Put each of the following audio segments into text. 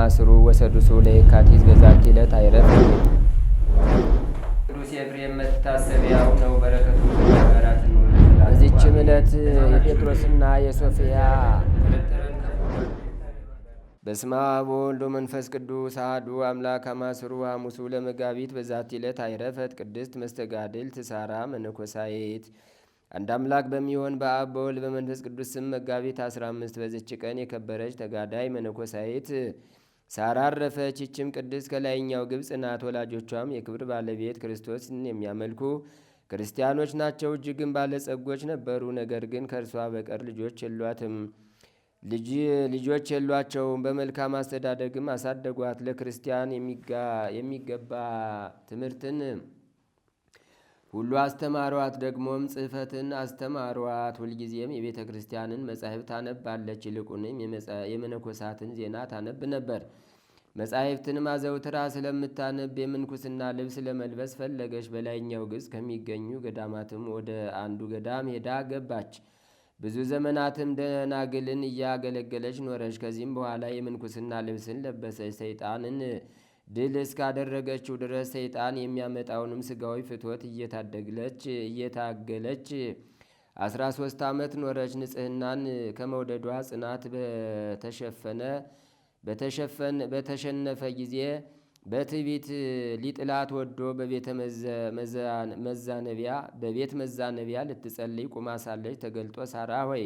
ማስሩ ወሰዱሱ ለየካቲት በዛቲ ዕለት አይረፍ። ቅዱስ ኤፍሬም መታሰቢያው ነው። በረከቱ በዚችም ዕለት የጴጥሮስና የሶፊያ በስመ አብ ወወልድ ወመንፈስ ቅዱስ አሐዱ አምላክ አማስሩ ሐሙሱ ለመጋቢት በዛቲ ዕለት አይረፈት ቅድስት መስተጋድል ትሳራ መነኮሳይት አንድ አምላክ በሚሆን በአብ በወልድ በመንፈስ ቅዱስ ስም መጋቢት 15 በዚች ቀን የከበረች ተጋዳይ መነኮሳይት ሳራ አረፈች። ይችም ቅድስት ከላይኛው ግብፅ ናት። ወላጆቿም የክብር ባለቤት ክርስቶስን የሚያመልኩ ክርስቲያኖች ናቸው። እጅግም ባለጸጎች ነበሩ። ነገር ግን ከእርሷ በቀር ልጆች የሏትም ልጆች የሏቸውም። በመልካም አስተዳደግም አሳደጓት። ለክርስቲያን የሚገባ ትምህርትን ሁሉ አስተማሯት። ደግሞም ጽህፈትን አስተማሯት። ሁልጊዜም የቤተ ክርስቲያንን መጻሕፍት ታነባለች። ይልቁንም የመነኮሳትን ዜና ታነብ ነበር። መጻሕፍትን ማዘውትራ ስለምታነብ የምንኩስና ልብስ ለመልበስ ፈለገች። በላይኛው ግዝ ከሚገኙ ገዳማትም ወደ አንዱ ገዳም ሄዳ ገባች። ብዙ ዘመናትም ደናግልን እያገለገለች ኖረች። ከዚህም በኋላ የምንኩስና ልብስን ለበሰች። ሰይጣንን ድል እስካደረገችው ድረስ ሰይጣን የሚያመጣውንም ስጋዊ ፍትወት እየታደግለች እየታገለች አስራ ሶስት ዓመት ኖረች። ንጽህናን ከመውደዷ ጽናት በተሸፈነ በተሸፈን በተሸነፈ ጊዜ በትቢት ሊጥላት ወዶ በቤተ መዛነቢያ በቤት መዛነቢያ ልትጸልይ ቁማሳለች ተገልጦ ሳራ ሆይ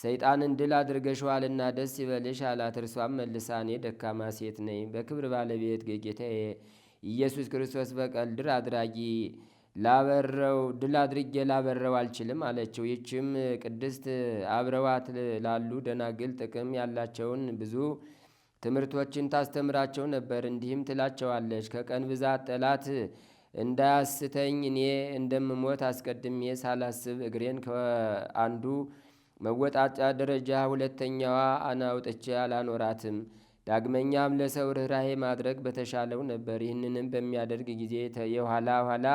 ሰይጣንን ድል አድርገሸዋልና ደስ ይበልሽ አላት። እርሷም መልሳ እኔ ደካማ ሴት ነኝ፣ በክብር ባለቤት ጌታዬ ኢየሱስ ክርስቶስ በቀል ድል አድራጊ ላበረው ድል አድርጌ ላበረው አልችልም አለችው። ይችም ቅድስት አብረዋት ላሉ ደናግል ጥቅም ያላቸውን ብዙ ትምህርቶችን ታስተምራቸው ነበር። እንዲህም ትላቸዋለች ከቀን ብዛት ጠላት እንዳያስተኝ እኔ እንደምሞት አስቀድሜ ሳላስብ እግሬን ከአንዱ መወጣጫ ደረጃ ሁለተኛዋ አናውጥቼ አላኖራትም። ዳግመኛም ለሰው ርኅራሄ ማድረግ በተሻለው ነበር። ይህንንም በሚያደርግ ጊዜ የኋላ ኋላ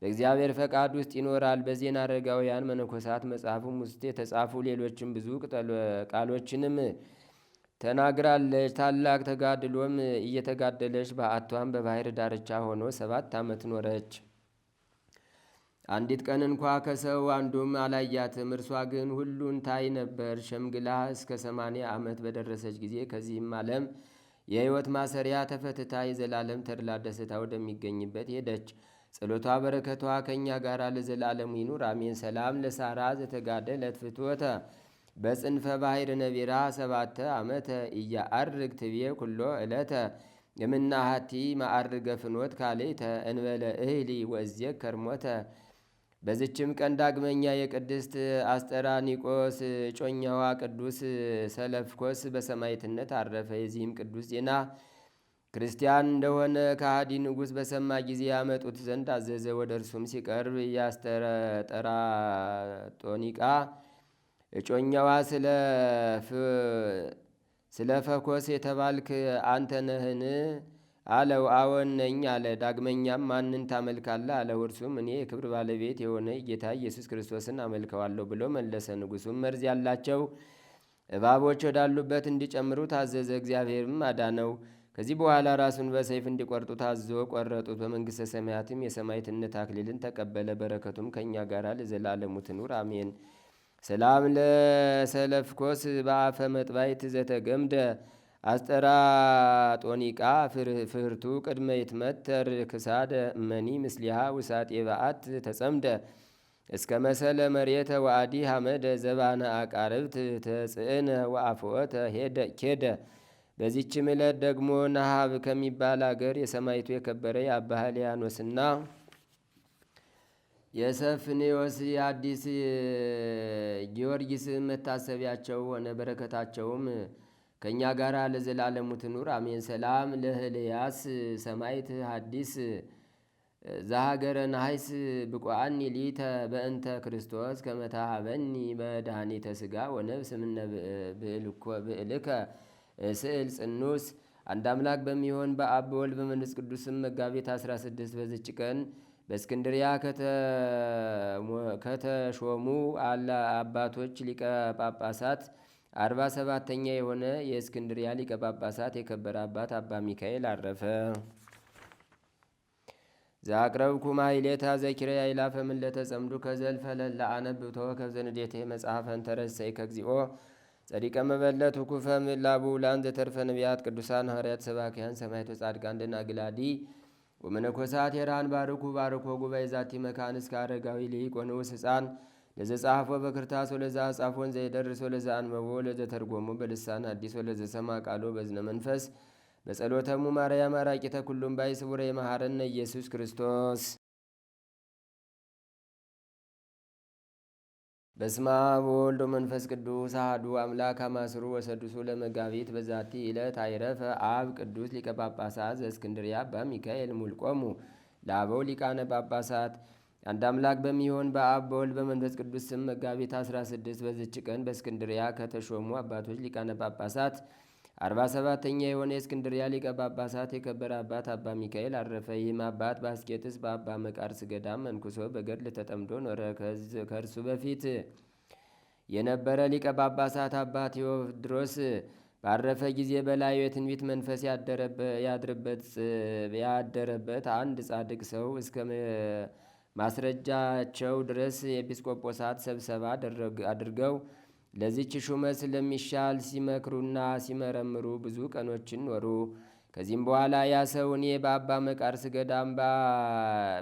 በእግዚአብሔር ፈቃድ ውስጥ ይኖራል። በዜና አረጋውያን መነኮሳት መጽሐፍም ውስጥ የተጻፉ ሌሎችም ብዙ ቃሎችንም ተናግራለች። ታላቅ ተጋድሎም እየተጋደለች በአቷም በባህር ዳርቻ ሆኖ ሰባት ዓመት ኖረች። አንዲት ቀን እንኳ ከሰው አንዱም አላያትም። እርሷ ግን ሁሉን ታይ ነበር። ሸምግላ እስከ ሰማንያ ዓመት በደረሰች ጊዜ ከዚህም ዓለም የሕይወት ማሰሪያ ተፈትታ የዘላለም ተድላ ደስታ ወደሚገኝበት ሄደች። ጸሎቷ በረከቷ ከእኛ ጋር ለዘላለሙ ይኑር አሜን። ሰላም ለሳራ ዘተጋደ ለትፍትወተ በጽንፈ ባሕር ነቢራ ሰባተ ዓመተ እያአርግ ትቤ ኩሎ ዕለተ የምናሃቲ ማአርገ ፍኖት ካሌተ እንበለ እህሊ ወእዜክ ከርሞተ በዚችም ቀን ዳግመኛ የቅድስት አስጠራኒቆስ ጮኛዋ ቅዱስ ሰለፍኮስ በሰማይትነት አረፈ። የዚህም ቅዱስ ዜና ክርስቲያን እንደሆነ ከሃዲ ንጉሥ በሰማ ጊዜ ያመጡት ዘንድ አዘዘ። ወደ እርሱም ሲቀርብ ጦኒቃ እጮኛዋ ስለፈኮስ የተባልክ አንተ ነህን? አለው። አዎን ነኝ አለ። ዳግመኛም ማንን ታመልካለህ አለው። እርሱም እኔ የክብር ባለቤት የሆነ ጌታ ኢየሱስ ክርስቶስን አመልከዋለሁ ብሎ መለሰ። ንጉሱ መርዝ ያላቸው እባቦች ወዳሉበት እንዲጨምሩ ታዘዘ። እግዚአብሔርም አዳነው። ከዚህ በኋላ ራሱን በሰይፍ እንዲቆርጡ ታዞ ቆረጡት። በመንግሥተ ሰማያትም የሰማዕትነት አክሊልን ተቀበለ። በረከቱም ከእኛ ጋር ለዘላለሙ ትኑር አሜን። ሰላም ለሰለፍኮስ በአፈ መጥባይት ዘተገምደ አስጠራጦኒቃ ፍህርቱ ቅድመ ይትመተር ክሳደ መኒ ምስሊሃ ውሳጤ በአት ተጸምደ እስከ መሰለ መሬተ ወአዲ ሐመደ ዘባነ አቃርብት ተጽእነ ወአፍወተ ኬደ። በዚችም ዕለት ደግሞ ነሃብ ከሚባል አገር የሰማይቱ የከበረ የአባ ሕልያኖስና የሰፍኔዎስ የአዲስ ጊዮርጊስ መታሰቢያቸው ሆነ። በረከታቸውም ከእኛ ጋር ለዘላለሙ ትኑር አሜን። ሰላም ለህልያስ ሰማይት ሀዲስ ዘሀገረ ናሀይስ ብቋአኒ ሊተ በእንተ ክርስቶስ ከመታሃበኒ መድኃኒተ ስጋ ወነብስ ምነ ብእልከ ስዕል ጽኑስ አንድ አምላክ በሚሆን በአብ በወልድ በመንፈስ ቅዱስም መጋቢት 16 በዝጭ ቀን በእስክንድሪያ ከተሾሙ አባቶች ሊቀ ጳጳሳት አርባ ሰባተኛ የሆነ የእስክንድሪያ ሊቀ ጳጳሳት የከበረ አባት አባ ሚካኤል አረፈ። ዛቅረብኩ ማይሌታ ዘኪረ ያይላፈ ምን ለተጸምዱ ከዘልፈ ለላ አነብቶ ከዘንዴቴ መጽሐፈን ተረሰይ ከግዚኦ ጸዲቀ መበለት ኩፈ ምላቡ ላን ዘተርፈ ነቢያት ቅዱሳን ሐዋርያት ሰባኪያን ሰማይቶ ጻድቃን ደናግላዲ ወመነኮሳት የራን ባርኩ ባርኮ ጉባኤ ዛቲ መካን እስከ አረጋዊ ልይቆ ህፃን ለዘጻሐፎ በክርታስ ወለዛ ጻፎን ዘይደርስ ወለዛ አንበቦ ወለዘ ተርጎሙ በልሳን አዲስ ወለዘ ሰማ ቃሎ በዝነ መንፈስ በጸሎተሙ ማርያም አራቂተ ተኩሉም ባይ ስቡረ የመሐረነ ኢየሱስ ክርስቶስ። በስመ አብ ወወልድ ቅዱስ አሐዱ አምላክ አማስሩ ወሰዱሱ ለመጋቢት በዛቲ ዕለት አይረፈ አብ ቅዱስ ሊቀ ጳጳሳት ዘእስክንድርያ አባ ሚካኤል ሙልቆሙ ለአበው ሊቃነ ጳጳሳት አንድ አምላክ በሚሆን በአብ በወልድ በመንፈስ ቅዱስ ስም መጋቢት 16 በዝች ቀን በእስክንድሪያ ከተሾሙ አባቶች ሊቃነ ጳጳሳት 47ተኛ የሆነ የእስክንድሪያ ሊቀ ጳጳሳት የከበረ አባት አባ ሚካኤል አረፈ። ይህም አባት በአስቄጥስ በአባ መቃርስ ገዳም መንኩሶ በገድል ተጠምዶ ኖረ። ከእርሱ በፊት የነበረ ሊቀ ጳጳሳት አባ ቴዎድሮስ ባረፈ ጊዜ በላዩ የትንቢት መንፈስ ያደረበት አንድ ጻድቅ ሰው እስከ ማስረጃቸው ድረስ የኤጲስቆጶሳት ስብሰባ አድርገው ለዚች ሹመት ስለሚሻል ሲመክሩና ሲመረምሩ ብዙ ቀኖችን ኖሩ። ከዚህም በኋላ ያ ሰው እኔ በአባ መቃርስ ገዳም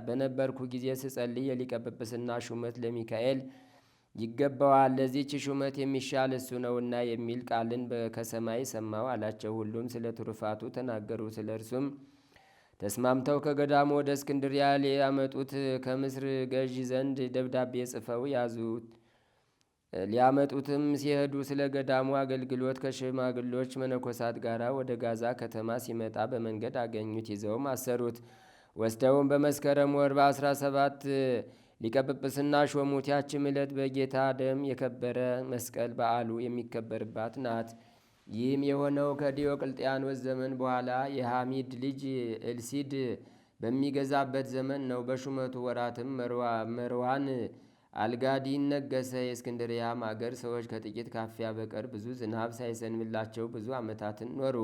በነበርኩ ጊዜ ስጸልይ የሊቀ ጵጵስና ሹመት ለሚካኤል ይገባዋል፣ ለዚህች ሹመት የሚሻል እሱ ነውና የሚል ቃልን ከሰማይ ሰማው አላቸው። ሁሉም ስለ ትሩፋቱ ተናገሩ። ስለ እርሱም ተስማምተው ከገዳሙ ወደ እስክንድሪያ ሊያመጡት ከምስር ገዢ ዘንድ ደብዳቤ ጽፈው ያዙት። ሊያመጡትም ሲሄዱ ስለ ገዳሙ አገልግሎት ከሽማግሎች መነኮሳት ጋር ወደ ጋዛ ከተማ ሲመጣ በመንገድ አገኙት። ይዘውም አሰሩት። ወስደውም በመስከረም ወር በአስራ ሰባት ሊቀ ሾሙት። ያችም ዕለት በጌታ ደም የከበረ መስቀል በዓሉ የሚከበርባት ናት። ይህም የሆነው ከዲዮቅልጥያኖስ ዘመን በኋላ የሐሚድ ልጅ ኤልሲድ በሚገዛበት ዘመን ነው። በሹመቱ ወራትም መርዋን አልጋዲን ነገሰ። የእስክንድርያም አገር ሰዎች ከጥቂት ካፊያ በቀር ብዙ ዝናብ ሳይዘንብላቸው ብዙ ዓመታትን ኖሩ።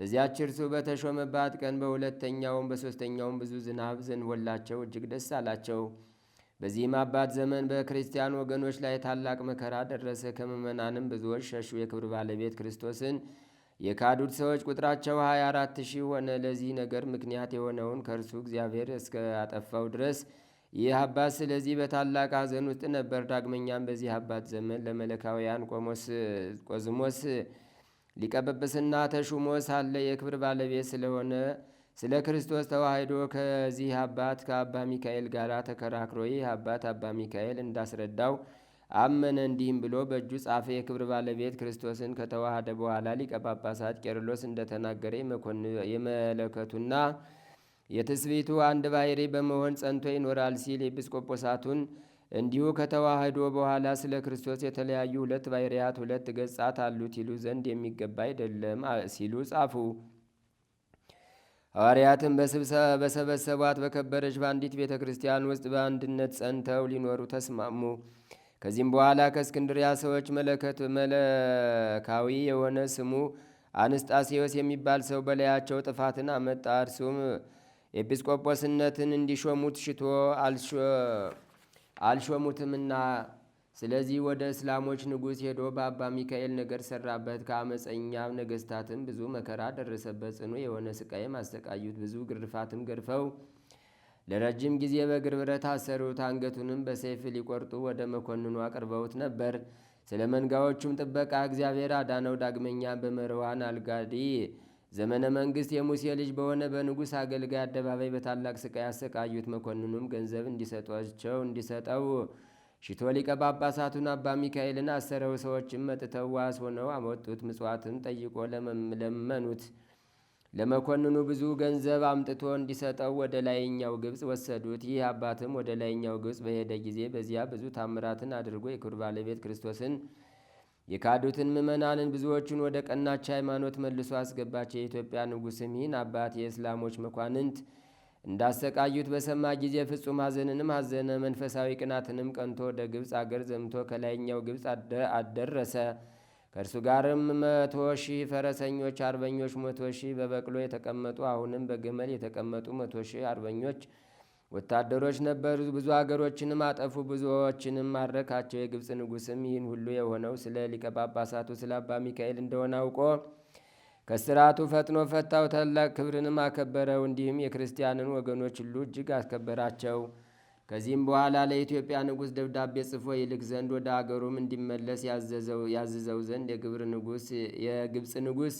በዚያች እርሱ በተሾመባት ቀን በሁለተኛውም በሦስተኛውም ብዙ ዝናብ ዘንቦላቸው እጅግ ደስ አላቸው። በዚህም አባት ዘመን በክርስቲያን ወገኖች ላይ ታላቅ መከራ ደረሰ። ከምእመናንም ብዙዎች ሸሹ። የክብር ባለቤት ክርስቶስን የካዱት ሰዎች ቁጥራቸው 24 ሺህ ሆነ። ለዚህ ነገር ምክንያት የሆነውን ከእርሱ እግዚአብሔር እስከ አጠፋው ድረስ ይህ አባት ስለዚህ በታላቅ ሐዘን ውስጥ ነበር። ዳግመኛም በዚህ አባት ዘመን ለመለካውያን ቆዝሞስ ሊቀ ጵጵስና ተሹሞ ሳለ የክብር ባለቤት ስለሆነ ስለ ክርስቶስ ተዋህዶ ከዚህ አባት ከአባ ሚካኤል ጋር ተከራክሮ ይህ አባት አባ ሚካኤል እንዳስረዳው አመነ። እንዲህም ብሎ በእጁ ጻፈ። የክብር ባለቤት ክርስቶስን ከተዋሃደ በኋላ ሊቀ ጳጳሳት ቄርሎስ እንደተናገረ የመለከቱና የትስቢቱ አንድ ባህሪ በመሆን ጸንቶ ይኖራል ሲል ኤጲስቆጶሳቱን እንዲሁ ከተዋህዶ በኋላ ስለ ክርስቶስ የተለያዩ ሁለት ባሕርያት ሁለት ገጻት አሉት ይሉ ዘንድ የሚገባ አይደለም ሲሉ ጻፉ። ሐዋርያትም በሰበሰቧት በከበረች በአንዲት ቤተ ክርስቲያን ውስጥ በአንድነት ጸንተው ሊኖሩ ተስማሙ። ከዚህም በኋላ ከእስክንድሪያ ሰዎች መለከት መለካዊ የሆነ ስሙ አንስጣሴዎስ የሚባል ሰው በላያቸው ጥፋትን አመጣ። እርሱም ኤጲስቆጶስነትን እንዲሾሙት ሽቶ አልሾሙትምና ስለዚህ ወደ እስላሞች ንጉሥ ሄዶ በአባ ሚካኤል ነገር ሰራበት። ከአመፀኛ ነገሥታትም ብዙ መከራ ደረሰበት። ጽኑ የሆነ ስቃይም አሰቃዩት። ብዙ ግርፋትም ገርፈው ለረጅም ጊዜ በእግር ብረት አሰሩት። አንገቱንም በሰይፍ ሊቆርጡ ወደ መኮንኑ አቅርበውት ነበር። ስለ መንጋዎቹም ጥበቃ እግዚአብሔር አዳነው። ዳግመኛ በመርዋን አልጋዲ ዘመነ መንግስት የሙሴ ልጅ በሆነ በንጉሥ አገልጋይ አደባባይ በታላቅ ስቃይ አሰቃዩት። መኮንኑም ገንዘብ እንዲሰጧቸው እንዲሰጠው ሽቶ ሊቀ ጳጳሳቱን አባ ሚካኤልን አሰረው። ሰዎችም መጥተው ዋስ ሆነው አመጡት። ምጽዋትም ጠይቆ ለመኑት። ለመኮንኑ ብዙ ገንዘብ አምጥቶ እንዲሰጠው ወደ ላይኛው ግብፅ ወሰዱት። ይህ አባትም ወደ ላይኛው ግብፅ በሄደ ጊዜ በዚያ ብዙ ታምራትን አድርጎ የክብር ባለቤት ክርስቶስን የካዱትን ምእመናንን ብዙዎቹን ወደ ቀናች ሃይማኖት መልሶ አስገባቸው። የኢትዮጵያ ንጉሥም ይህን አባት የእስላሞች መኳንንት እንዳሰቃዩት በሰማ ጊዜ ፍጹም ሐዘንንም አዘነ። መንፈሳዊ ቅናትንም ቀንቶ ወደ ግብፅ አገር ዘምቶ ከላይኛው ግብፅ አደረሰ። ከእርሱ ጋርም መቶ ሺህ ፈረሰኞች አርበኞች፣ መቶ ሺህ በበቅሎ የተቀመጡ አሁንም በግመል የተቀመጡ መቶ ሺህ አርበኞች ወታደሮች ነበሩ። ብዙ አገሮችንም አጠፉ፣ ብዙዎችንም ማረካቸው። የግብፅ ንጉሥም ይህን ሁሉ የሆነው ስለ ሊቀ ጳጳሳቱ ስለ አባ ሚካኤል እንደሆነ አውቆ ከስርዓቱ ፈጥኖ ፈታው፣ ታላቅ ክብርንም አከበረው። እንዲህም የክርስቲያንን ወገኖች ሁሉ እጅግ አስከበራቸው። ከዚህም በኋላ ለኢትዮጵያ ንጉሥ ደብዳቤ ጽፎ ይልክ ዘንድ ወደ አገሩም እንዲመለስ ያዝዘው ዘንድ የግብፅ ንጉሥ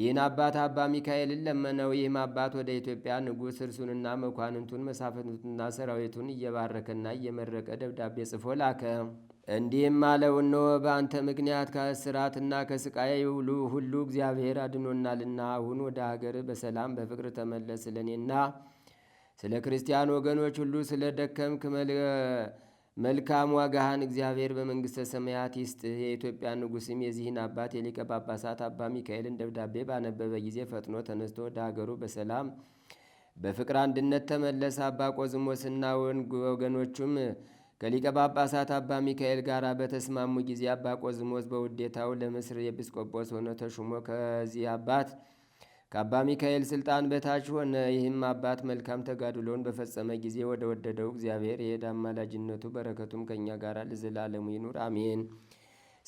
ይህን አባት አባ ሚካኤልን ለመነው። ይህም አባት ወደ ኢትዮጵያ ንጉሥ እርሱንና መኳንንቱን መሳፍንቱንና ሰራዊቱን እየባረከና እየመረቀ ደብዳቤ ጽፎ ላከ። እንዲህም አለው፣ እነሆ በአንተ ምክንያት ከእስራትና ከስቃይ ሁሉ ሁሉ እግዚአብሔር አድኖናልና አሁን ወደ ሀገር በሰላም በፍቅር ተመለስ። ስለ እኔና ስለ ክርስቲያን ወገኖች ሁሉ ስለ ደከምክ መልካም ዋጋህን እግዚአብሔር በመንግሥተ ሰማያት ይስጥህ። የኢትዮጵያ ንጉሥም የዚህን አባት የሊቀ ጳጳሳት አባ ሚካኤልን ደብዳቤ ባነበበ ጊዜ ፈጥኖ ተነስቶ ወደ ሀገሩ በሰላም በፍቅር አንድነት ተመለሰ። አባ ቆዝሞስና ወገኖቹም ከሊቀ ጳጳሳት አባ ሚካኤል ጋር በተስማሙ ጊዜ አባ ቆዝሞስ በውዴታው ለምስር ኤጲስቆጶስ ሆነ ተሹሞ ከዚህ አባት ከአባ ሚካኤል ስልጣን በታች ሆነ። ይህም አባት መልካም ተጋድሎውን በፈጸመ ጊዜ ወደ ወደደው እግዚአብሔር ይሄድ። አማላጅነቱ በረከቱም ከእኛ ጋር ለዘላለሙ ይኑር አሜን።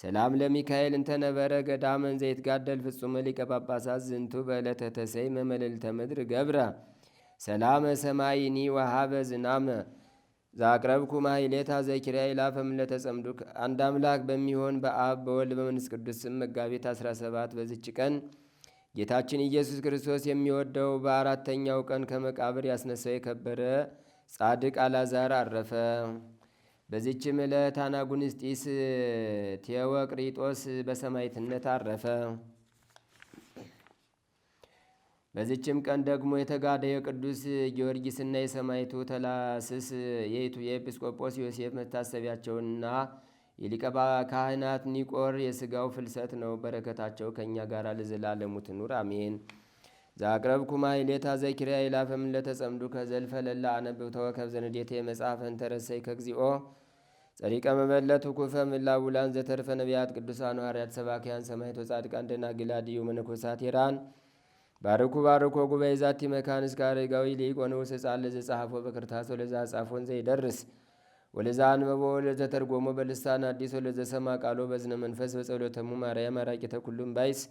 ሰላም ለሚካኤል እንተነበረ ገዳመን ጋደል ፍጹመ ሊቀ ጳጳሳት ዝንቱ በዕለተ ተሰይ ምድር ገብረ ሰላመ ሰማይኒ ወሃበ ዝናመ ዛቅረብኩ ማሕሌታ ዘኪርያ ይላፈም ለተጸምዱክ አንድ አምላክ በሚሆን በአብ በወልድ በመንፈስ ቅዱስ ስም መጋቢት 17 በዚች ቀን ጌታችን ኢየሱስ ክርስቶስ የሚወደው በአራተኛው ቀን ከመቃብር ያስነሳው የከበረ ጻድቅ አላዛር አረፈ። በዚችም ዕለት አናጉንስጢስ ቴዎቅሪጦስ በሰማይትነት አረፈ። በዚችም ቀን ደግሞ የተጋደ የቅዱስ ጊዮርጊስና የሰማይቱ ተላስስ የይቱ የኤጲስቆጶስ ዮሴፍ መታሰቢያቸውና የሊቀ ካህናት ኒቆር የስጋው ፍልሰት ነው። በረከታቸው ከእኛ ጋር ለዘላለሙ ትኑር አሜን። ዛቅረብ ኩማ ማሕሌታ ዘኪርያ ይላፈም ለተጸምዱ ከዘልፈ ለላ አነብብ ተወከብ ዘንዴቴ መጽሐፈን ተረሰይ ከግዚኦ ጸሪቀ መበለት ኩፈ ምላውላን ዘተርፈ ነቢያት ቅዱሳን ሐዋርያት ሰባኪያን ሰማይቶ ወጻድቃን ደናግል አድዩ መነኮሳት ሄራን ባርኩ ባርኮ ጉባኤ ዛቲ መካን እስከ አረጋዊ ሊቅ ወንዑስ ሕፃን ለዘጸሐፎ በክርታስ ወለዛ ጻፎን ዘይደርስ ወለዛ አንበቦ ወለዘ ተርጎሞ በልሳን አዲስ ወለዘ ሰማ ቃሎ በዝነ መንፈስ በጸሎተሙ ማርያም አራቂተ ኩሉም ባይስ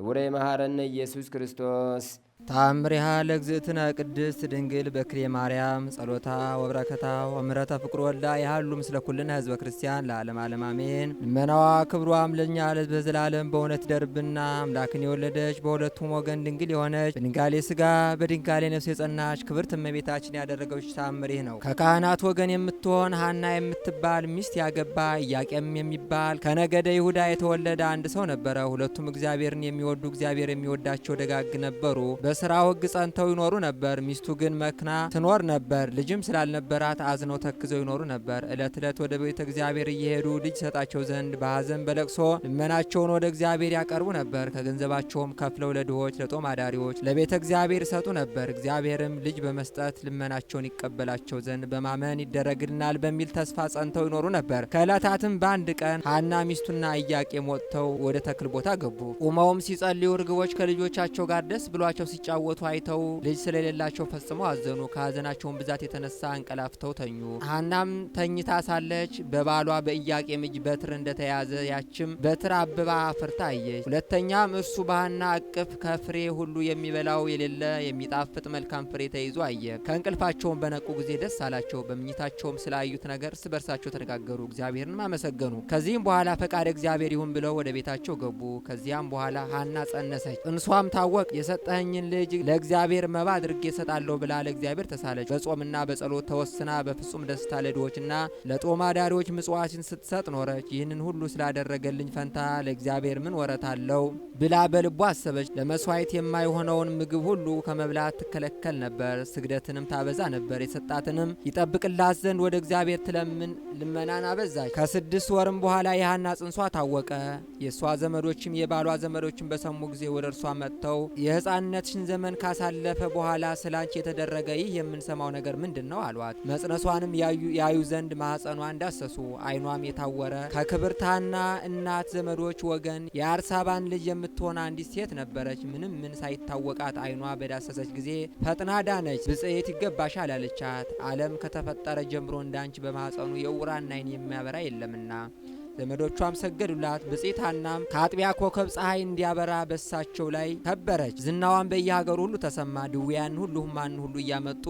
ህቡረ መሐረነ ኢየሱስ ክርስቶስ ታምሪሃ ለእግዝእትነ ቅድስት ድንግል በክሌ ማርያም ጸሎታ ወብረከታ ወምረተ ፍቅር ወልዳ ያህሉ ምስለ ኩልነ ህዝበ ክርስቲያን ለዓለም ዓለም አሜን። ልመናዋ ክብሯም ለእኛ ለሕዝበ በእውነት ደርብና አምላክን የወለደች በሁለቱም ወገን ድንግል የሆነች በድንጋሌ ስጋ በድንጋሌ ነፍስ የጸናች ክብርት እመቤታችን ያደረገች ታምሪህ ነው። ከካህናት ወገን የምትሆን ሀና የምትባል ሚስት ያገባ እያቄም የሚባል ከነገደ ይሁዳ የተወለደ አንድ ሰው ነበረ። ሁለቱም እግዚአብሔርን የሚወዱ እግዚአብሔር የሚወዳቸው ደጋግ ነበሩ። በስራ ወግ ጸንተው ይኖሩ ነበር። ሚስቱ ግን መክና ትኖር ነበር። ልጅም ስላልነበራት አዝነው ተክዘው ይኖሩ ነበር። እለት እለት ወደ ቤተ እግዚአብሔር እየሄዱ ልጅ ሰጣቸው ዘንድ በሀዘን በለቅሶ ልመናቸውን ወደ እግዚአብሔር ያቀርቡ ነበር። ከገንዘባቸውም ከፍለው ለድሆች፣ ለጦም አዳሪዎች፣ ለቤተ እግዚአብሔር ይሰጡ ነበር። እግዚአብሔርም ልጅ በመስጠት ልመናቸውን ይቀበላቸው ዘንድ በማመን ይደረግልናል በሚል ተስፋ ጸንተው ይኖሩ ነበር። ከእለታትም በአንድ ቀን ሀና ሚስቱና ኢያቄም ወጥተው ወደ ተክል ቦታ ገቡ። ቁመውም ሲጸልዩ እርግቦች ከልጆቻቸው ጋር ደስ ብሏቸው ሲጫወቱ አይተው ልጅ ስለሌላቸው ፈጽመው አዘኑ። ከሀዘናቸውን ብዛት የተነሳ እንቀላፍተው ተኙ። ሀናም ተኝታ ሳለች በባሏ በኢያቄም እጅ በትር እንደተያዘ ያችም በትር አብባ አፍርታ አየች። ሁለተኛም እርሱ በሀና እቅፍ ከፍሬ ሁሉ የሚበላው የሌለ የሚጣፍጥ መልካም ፍሬ ተይዞ አየ። ከእንቅልፋቸውም በነቁ ጊዜ ደስ አላቸው። በምኝታቸውም ስላዩት ነገር እርስ በርሳቸው ተነጋገሩ፣ እግዚአብሔርንም አመሰገኑ። ከዚህም በኋላ ፈቃድ እግዚአብሔር ይሁን ብለው ወደ ቤታቸው ገቡ። ከዚያም በኋላ ሀና ጸነሰች፣ እንሷም ታወቅ የሰጠኝ ይህችን ልጅ ለእግዚአብሔር መባ አድርጌ እሰጣለሁ ብላ ለእግዚአብሔር ተሳለች። በጾምና በጸሎት ተወስና በፍጹም ደስታ ለድሆችና ለጦማ ዳሪዎች ምጽዋችን ስትሰጥ ኖረች። ይህንን ሁሉ ስላደረገልኝ ፈንታ ለእግዚአብሔር ምን ወረታ አለው ብላ በልቧ አሰበች። ለመስዋዕት የማይሆነውን ምግብ ሁሉ ከመብላት ትከለከል ነበር። ስግደትንም ታበዛ ነበር። የሰጣትንም ይጠብቅላት ዘንድ ወደ እግዚአብሔር ትለምን ልመናን አበዛች። ከስድስት ወርም በኋላ የሐና ጽንሷ ታወቀ። የእሷ ዘመዶችም የባሏ ዘመዶችም በሰሙ ጊዜ ወደ እርሷ መጥተው የህፃንነት የእመቤታችን ዘመን ካሳለፈ በኋላ ስላች የተደረገ ይህ የምንሰማው ነገር ምንድን ነው አሏት። መጽነሷንም ያዩ ዘንድ ማህፀኗ እንዳሰሱ፣ አይኗም የታወረ ከክብርታና እናት ዘመዶች ወገን የአርሳባን ልጅ የምትሆን አንዲት ሴት ነበረች። ምንም ምን ሳይታወቃት አይኗ በዳሰሰች ጊዜ ፈጥና ዳነች። ብጽዕት ይገባሻል አለቻት። ዓለም ከተፈጠረ ጀምሮ እንዳንች በማህፀኑ የዕውራን አይን የሚያበራ የለምና ዘመዶቿም ሰገዱላት። ብፅዕት ከአጥቢያ ኮከብ ፀሐይ እንዲያበራ በሳቸው ላይ ከበረች። ዝናዋን በየሀገሩ ሁሉ ተሰማ። ድውያን ሁሉ ሕሙማንን ሁሉ እያመጡ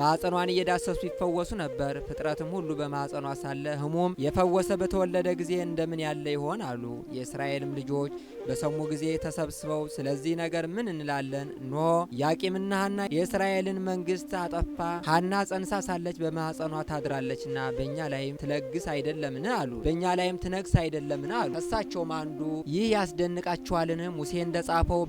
ማዕፀኗን እየዳሰሱ ይፈወሱ ነበር። ፍጥረትም ሁሉ በማዕፀኗ ሳለ ሕሙም የፈወሰ በተወለደ ጊዜ እንደምን ያለ ይሆን አሉ። የእስራኤልም ልጆች በሰሙ ጊዜ ተሰብስበው ስለዚህ ነገር ምን እንላለን? ኖ ያቂምና ሀና የእስራኤልን መንግስት አጠፋ፣ ሀና ጸንሳ ሳለች በማህፀኗ ታድራለችና በእኛ ላይም ትለግስ አይደለምን አሉ። በእኛ ላይም ትነግስ አይደለምን አሉ። ከሳቸውም አንዱ ይህ ያስደንቃችኋልን? ሙሴ እንደ ጻፈው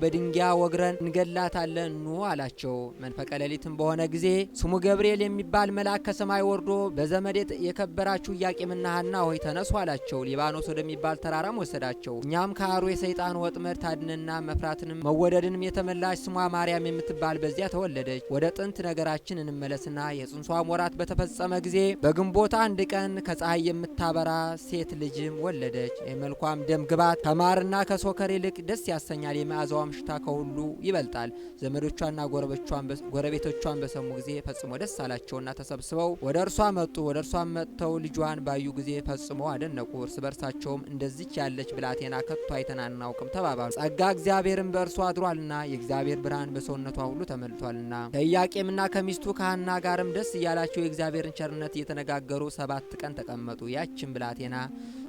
ወግረን እንገላታለን። ኑ አላቸው። መንፈቀ ሌሊትም በሆነ ጊዜ ስሙ ገብርኤል የሚባል መልአክ ከሰማይ ወርዶ በዘመድ የከበራችሁ ያቂምና ሀና ሆይ ተነሱ አላቸው። ሊባኖስ ወደሚባል ተራራም ወሰዳቸው። እኛም ከአሩ የሰይጣን ከሰይጣን ወጥመድ ታድንና መፍራትንም መወደድንም የተመላች ስሟ ማርያም የምትባል በዚያ ተወለደች። ወደ ጥንት ነገራችን እንመለስና የጽንሷ ወራት በተፈጸመ ጊዜ በግንቦት አንድ ቀን ከፀሐይ የምታበራ ሴት ልጅም ወለደች። የመልኳም ደም ግባት ከማርና ከሶከር ይልቅ ደስ ያሰኛል። የመዓዛዋም ሽታ ከሁሉ ይበልጣል። ዘመዶቿና ጎረቤቶቿን በሰሙ ጊዜ ፈጽሞ ደስ አላቸውና ተሰብስበው ወደ እርሷ መጡ። ወደ እርሷ መጥተው ልጇን ባዩ ጊዜ ፈጽሞ አደነቁ። እርስ በርሳቸውም እንደዚች ያለች ብላቴና ከቶ አይተናናው አላውቅም ተባባሉ። ጸጋ እግዚአብሔርን በእርሱ አድሯልና የእግዚአብሔር ብርሃን በሰውነቷ ሁሉ ተመልቷልና። ከኢያቄምና ከሚስቱ ከሐና ጋርም ደስ እያላቸው የእግዚአብሔርን ቸርነት እየተነጋገሩ ሰባት ቀን ተቀመጡ። ያችን ብላቴና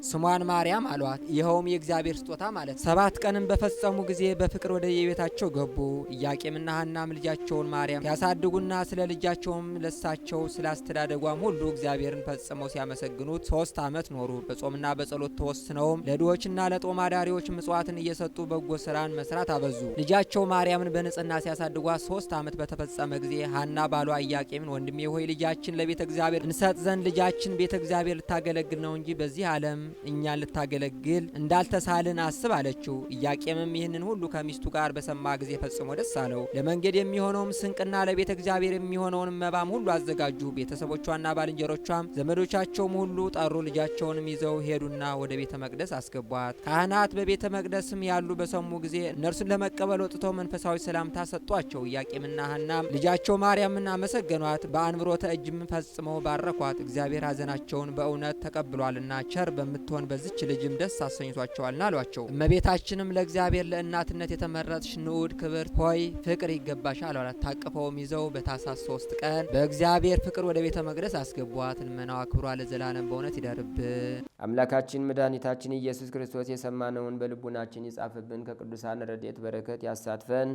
ስሟን ማርያም አሏት። ይኸውም የእግዚአብሔር ስጦታ ማለት። ሰባት ቀንም በፈጸሙ ጊዜ በፍቅር ወደ የቤታቸው ገቡ። ኢያቄምና ሐናም ልጃቸውን ማርያም ሲያሳድጉና ስለ ልጃቸውም ለሳቸው ስለ አስተዳደጓም ሁሉ እግዚአብሔርን ፈጽመው ሲያመሰግኑት ሶስት ዓመት ኖሩ። በጾምና በጸሎት ተወስነውም ለድሆችና ለጦማዳሪዎች ምጽዋትን እየሰጡ በጎ ስራን መስራት አበዙ። ልጃቸው ማርያምን በንጽህና ሲያሳድጓት ሶስት ዓመት በተፈጸመ ጊዜ ሀና ባሏ ኢያቄምን ወንድሜ ሆይ ልጃችን ለቤተ እግዚአብሔር እንሰጥ ዘንድ ልጃችን ቤተ እግዚአብሔር ልታገለግል ነው እንጂ በዚህ ዓለም እኛን ልታገለግል እንዳልተሳልን አስብ አለችው። ኢያቄምም ይህንን ሁሉ ከሚስቱ ጋር በሰማ ጊዜ ፈጽሞ ደስ አለው። ለመንገድ የሚሆነውም ስንቅና ለቤተ እግዚአብሔር የሚሆነውን መባም ሁሉ አዘጋጁ። ቤተሰቦቿና ባልንጀሮቿም ዘመዶቻቸውም ሁሉ ጠሩ። ልጃቸውንም ይዘው ሄዱና ወደ ቤተ መቅደስ አስገቧት። ካህናት በቤተ መቅደስ ስም ያሉ በሰሙ ጊዜ እነርሱን ለመቀበል ወጥተው መንፈሳዊ ሰላምታ ሰጧቸው። ኢያቄምና ሐናም ልጃቸው ማርያምን አመሰገኗት፣ በአንብሮተ እጅም ፈጽመው ባረኳት። እግዚአብሔር ሐዘናቸውን በእውነት ተቀብሏልና ቸር በምትሆን በዚች ልጅም ደስ አሰኝቷቸዋልና አሏቸው። እመቤታችንም ለእግዚአብሔር ለእናትነት የተመረጥሽ ንዑድ ክብር ሆይ ፍቅር ይገባሻል አሏት። ታቅፈውም ይዘው በታኅሳስ ሶስት ቀን በእግዚአብሔር ፍቅር ወደ ቤተ መቅደስ አስገቧት። ልመናዋ ክብሯ ለዘላለም በእውነት ይደርብን። አምላካችን መድኃኒታችን ኢየሱስ ክርስቶስ የሰማነውን በልቡና በልቦናችን ይጻፍብን፣ ከቅዱሳን ረድኤት በረከት ያሳትፈን።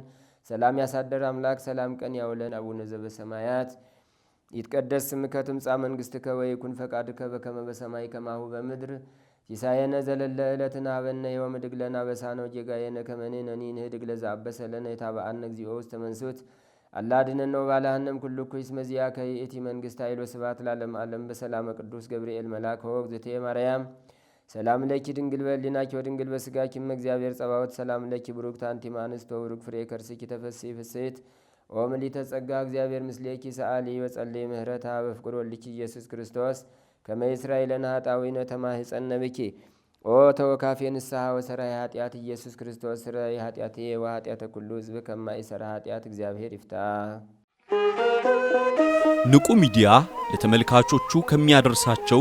ሰላም ያሳደር አምላክ ሰላም ቀን ያውለን። አቡነ ዘበሰማያት ይትቀደስ ስምከ ትምጻእ መንግሥትከ ወይኩን ፈቃድከ በከመ በሰማይ ከማሁ በምድር ሲሳየነ ዘለለ ዕለትነ ሀበነ ዮም ህድግ ለነ አበሳነ ወጌጋየነ ከመ ንሕነኒ ንህድግ ለዘአበሰ ለነ የታበአነ እግዚኦ ውስተ መንሱት አላ አድኅነነ ወባልሐነ እምኩሉ ኩይ እስመ ዚአከ ይእቲ መንግሥት ኃይል ወስብሐት ለዓለመ ዓለም በሰላመ ቅዱስ ገብርኤል መልአክ ሆ እግዝእትየ ማርያም ሰላም ለኪ ድንግል በሊናኪ ወድንግል በስጋኪም እም እግዚአብሔር ጸባዖት ሰላም ለኪ ብሩክት አንቲ እምአንስት ወብሩክ ፍሬ ከርስኪ ተፈሥሒ ፍሥሕት ኦምሊተ ጸጋ እግዚአብሔር ምስሌኪ ሰአሊ ወጸልይ ምህረታ በፍቅር ወልኪ ኢየሱስ ክርስቶስ ከመ ይስራኤለነ ኃጣዊነ ተማህፀነ ኦ ተወካፌ ንስሐ ወሰራይ ኃጢአት ኢየሱስ ክርስቶስ ስራይ ኃጢአት ወኃጢአተ ኩሉ ሕዝብ ከማይሰራ ኃጢአት እግዚአብሔር ይፍታ። ንቁ ሚዲያ ለተመልካቾቹ ከሚያደርሳቸው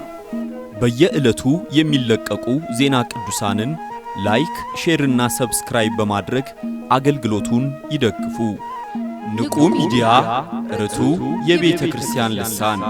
በየዕለቱ የሚለቀቁ ዜና ቅዱሳንን ላይክ፣ ሼርና ሰብስክራይብ በማድረግ አገልግሎቱን ይደግፉ። ንቁ ሚዲያ ርቱ የቤተ ክርስቲያን ልሳን